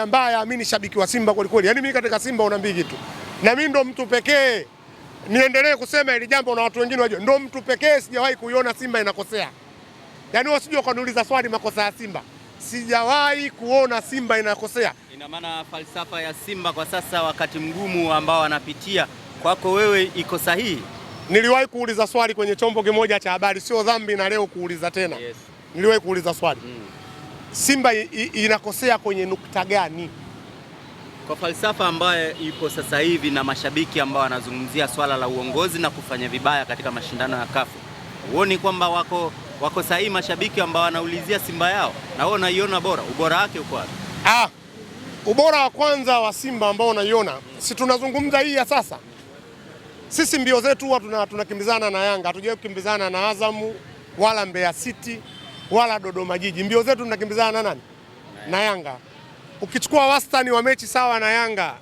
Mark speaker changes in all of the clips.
Speaker 1: ambaye aamini shabiki wa Simba kweli kweli. Yaani mimi katika Simba una mbigi tu. Na mimi ndo mtu pekee niendelee kusema ili jambo na watu wengine wajue. Ndo mtu pekee sijawahi kuiona Simba inakosea. Yaani wasije kuniuliza swali makosa ya Simba. Sijawahi kuona Simba inakosea.
Speaker 2: Ina maana falsafa ya Simba kwa sasa, wakati mgumu ambao wanapitia, kwako wewe iko sahihi?
Speaker 1: Niliwahi kuuliza swali kwenye chombo kimoja cha habari, sio dhambi na leo kuuliza tena. Yes. Niliwahi kuuliza swali mm. Simba inakosea kwenye nukta gani?
Speaker 2: Kwa falsafa ambayo ipo sasa hivi na mashabiki ambao wanazungumzia swala la uongozi na kufanya vibaya katika mashindano ya kafu, huoni kwamba wako wako sahihi mashabiki ambao wanaulizia Simba yao, na wewe unaiona bora, ubora wake uko wapi?
Speaker 1: Ah, ubora wa kwanza wa Simba ambao unaiona si tunazungumza hii ya sasa. Sisi mbio zetu huwa tunakimbizana na Yanga, hatujawahi kukimbizana na Azamu wala Mbeya City wala Dodoma Jiji. Mbio zetu tunakimbizana na nani? Na Yanga. Ukichukua wastani wa mechi sawa na Yanga,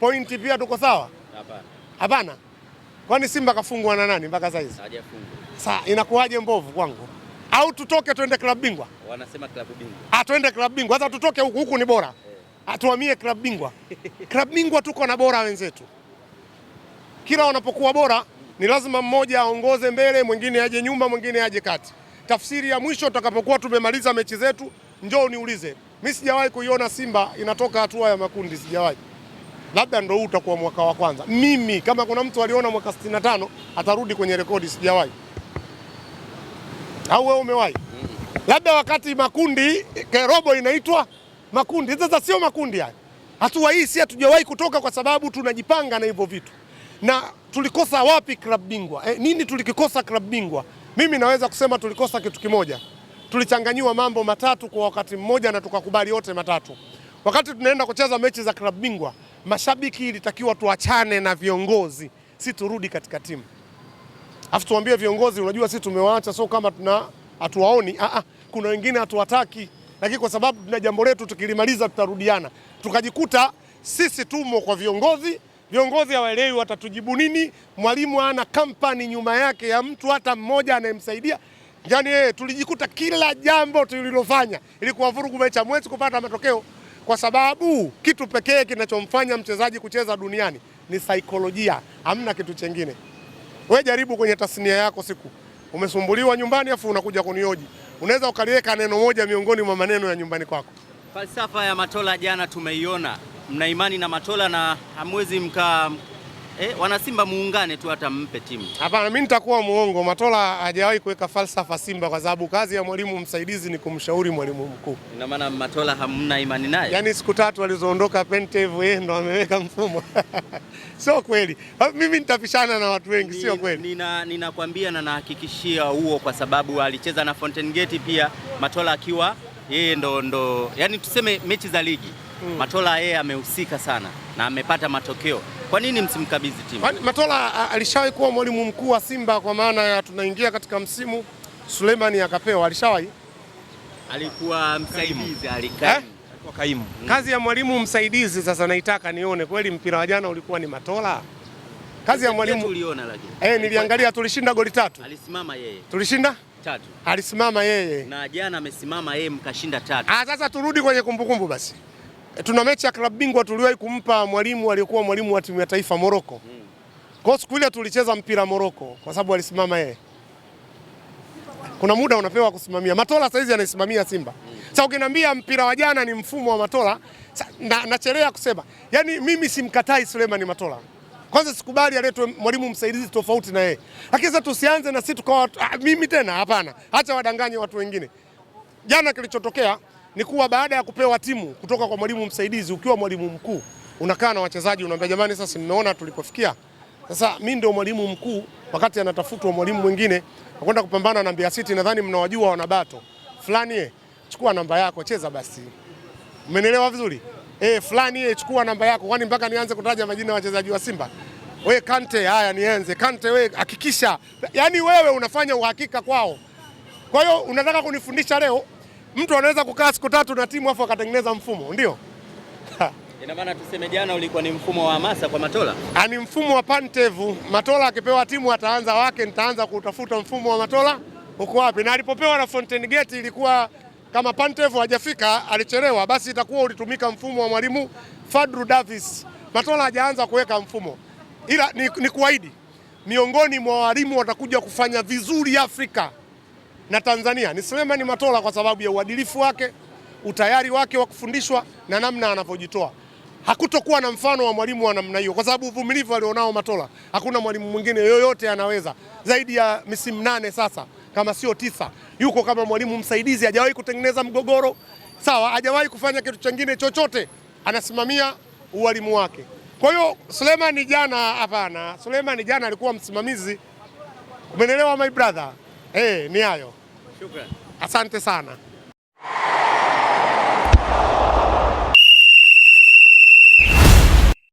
Speaker 1: pointi pia tuko sawa? Hapana. Hapana. Kwani Simba kafungwa na nani mpaka saizi? Hajafungwa. Sasa inakuwaje mbovu kwangu? Au tutoke tuende klabu bingwa?
Speaker 2: Wanasema klabu bingwa.
Speaker 1: Ah, tuende klabu bingwa. Sasa tutoke huku huku ni bora. Eh. Atuhamie klabu bingwa. klabu bingwa tuko na bora wenzetu. Kila wanapokuwa bora ni lazima mmoja aongoze mbele, mwingine aje nyuma, mwingine aje kati. Tafsiri ya mwisho tutakapokuwa tumemaliza mechi zetu, njoo niulize. Mimi sijawahi kuiona Simba inatoka hatua ya makundi, sijawahi. Labda ndio huu utakuwa mwaka wa kwanza. Mimi kama kuna mtu aliona mwaka 65 atarudi kwenye rekodi, sijawahi. Au wewe umewahi? Labda wakati makundi robo inaitwa makundi. Sasa sio makundi haya. Hatua hii si hatujawahi kutoka kwa sababu tunajipanga na hivyo vitu. Na tulikosa wapi klabu bingwa? Eh, nini tulikikosa klabu bingwa? Mimi naweza kusema tulikosa kitu kimoja, tulichanganyiwa mambo matatu kwa wakati mmoja na tukakubali yote matatu. Wakati tunaenda kucheza mechi za klabu bingwa, mashabiki ilitakiwa tuachane na viongozi, si turudi katika timu afu tuambie viongozi, unajua sisi tumewaacha, so kama tuna hatuwaoni. Ah, ah, kuna wengine hatuwataki, lakini kwa sababu tuna jambo letu, tukilimaliza tutarudiana. Tukajikuta sisi tumo kwa viongozi Viongozi hawaelewi, watatujibu nini? Mwalimu ana kampani nyuma yake ya mtu hata mmoja anayemsaidia. yani, yeye tulijikuta kila jambo tulilofanya ili kuwavurugu mechi mwezi kupata matokeo, kwa sababu kitu pekee kinachomfanya mchezaji kucheza duniani ni saikolojia, hamna kitu chengine. We jaribu kwenye tasnia yako, siku umesumbuliwa nyumbani afu unakuja kunioji, unaweza ukaliweka neno moja miongoni mwa maneno ya nyumbani kwako.
Speaker 2: Falsafa ya Matola jana tumeiona mna imani na Matola na hamwezi mka eh, wanasimba muungane tu hata mpe timu?
Speaker 1: Hapana, mimi nitakuwa muongo. Matola hajawahi kuweka falsafa Simba kwa sababu kazi ya mwalimu msaidizi ni kumshauri mwalimu mkuu.
Speaker 2: Ina maana Matola hamna imani naye?
Speaker 1: Yaani siku tatu alizoondoka Pentev yeye ndo ameweka mfumo sio kweli. Mimi nitapishana na watu wengi, sio kweli.
Speaker 2: Nina ninakwambia na nahakikishia huo, kwa sababu alicheza na Fountain Gate pia Matola akiwa yeye ndo, ndo yani tuseme mechi za ligi mm. Matola yeye amehusika sana na amepata matokeo. Kwa nini msimkabidhi timu?
Speaker 1: Matola alishawahi kuwa mwalimu mkuu wa Simba kwa maana ya tunaingia katika msimu Suleimani akapewa, alishawahi
Speaker 2: alikuwa msaidizi alikaa eh?
Speaker 1: Kaimu. Hmm. Kazi ya mwalimu msaidizi sasa naitaka nione kweli mpira wa jana ulikuwa ni Matola. Kazi ya mwalimu
Speaker 2: uliona lakini.
Speaker 1: Eh, niliangalia tulishinda goli tatu.
Speaker 2: Alisimama yeye. Tulishinda tatu.
Speaker 1: Alisimama yeye
Speaker 2: na jana amesimama yeye mkashinda tatu.
Speaker 1: Ah, sasa turudi kwenye kumbukumbu basi. E, tuna mechi ya klabu bingwa tuliwahi kumpa mwalimu aliyekuwa mwalimu wa timu ya taifa Moroko. Hmm. Kwa siku ile tulicheza mpira Moroko kwa sababu alisimama yeye. Kuna muda unapewa kusimamia. Matola sasa hizi anaisimamia Simba. Hmm. Sasa ukiniambia mpira wa jana ni mfumo wa Matola, nachelea na kusema. Yaani mimi simkatai Suleiman Matola. Kwanza sikubali aletwe mwalimu msaidizi tofauti na yeye, lakini sasa tusianze na sisi tukawa ah, mimi tena, hapana, acha wadanganye watu wengine. Jana kilichotokea ni kuwa baada ya kupewa timu kutoka kwa mwalimu msaidizi, ukiwa mwalimu mkuu unakaa na wachezaji unaambia, jamani, sasa mmeona tulipofikia sasa mi ndio mwalimu mkuu, wakati anatafutwa mwalimu mwingine akwenda kupambana na Mbeya City. Nadhani mnawajua wanabato fulani, chukua namba yako, cheza basi. Mmenielewa vizuri? eh, fulani eh, chukua namba yako. Kwani mpaka nianze kutaja majina ya wachezaji wa Simba? We Kante, haya nianze Kante, we hakikisha, yani wewe unafanya uhakika kwao. Kwa hiyo unataka kunifundisha leo mtu anaweza kukaa siku tatu na timu afu akatengeneza mfumo, ndio
Speaker 2: ina maana tuseme, jana ulikuwa ni mfumo wa hamasa kwa Matola,
Speaker 1: ah, ni mfumo wa Pantevu. Matola akipewa timu ataanza wake, nitaanza kutafuta mfumo wa Matola uko wapi, na alipopewa na Fountain Gate ilikuwa kama Pantev hajafika alichelewa, basi itakuwa ulitumika mfumo wa mwalimu Fadru Davis. Matola hajaanza kuweka mfumo, ila ni, ni kuahidi miongoni mwa walimu watakuja kufanya vizuri Afrika na Tanzania ni Selemani Matola kwa sababu ya uadilifu wake, utayari wake wa kufundishwa na namna anavyojitoa. Hakutokuwa na mfano wa mwalimu wa namna hiyo, kwa sababu uvumilivu alionao Matola hakuna mwalimu mwingine yoyote anaweza zaidi ya misimu nane sasa kama sio tisa. Yuko kama mwalimu msaidizi, hajawahi kutengeneza mgogoro, sawa, hajawahi kufanya kitu chengine chochote, anasimamia ualimu wake. Kwa hiyo Suleiman jana, hapana, Suleiman jana alikuwa msimamizi. Umenelewa my brother? Eh, hey, ni hayo. Shukrani, asante sana.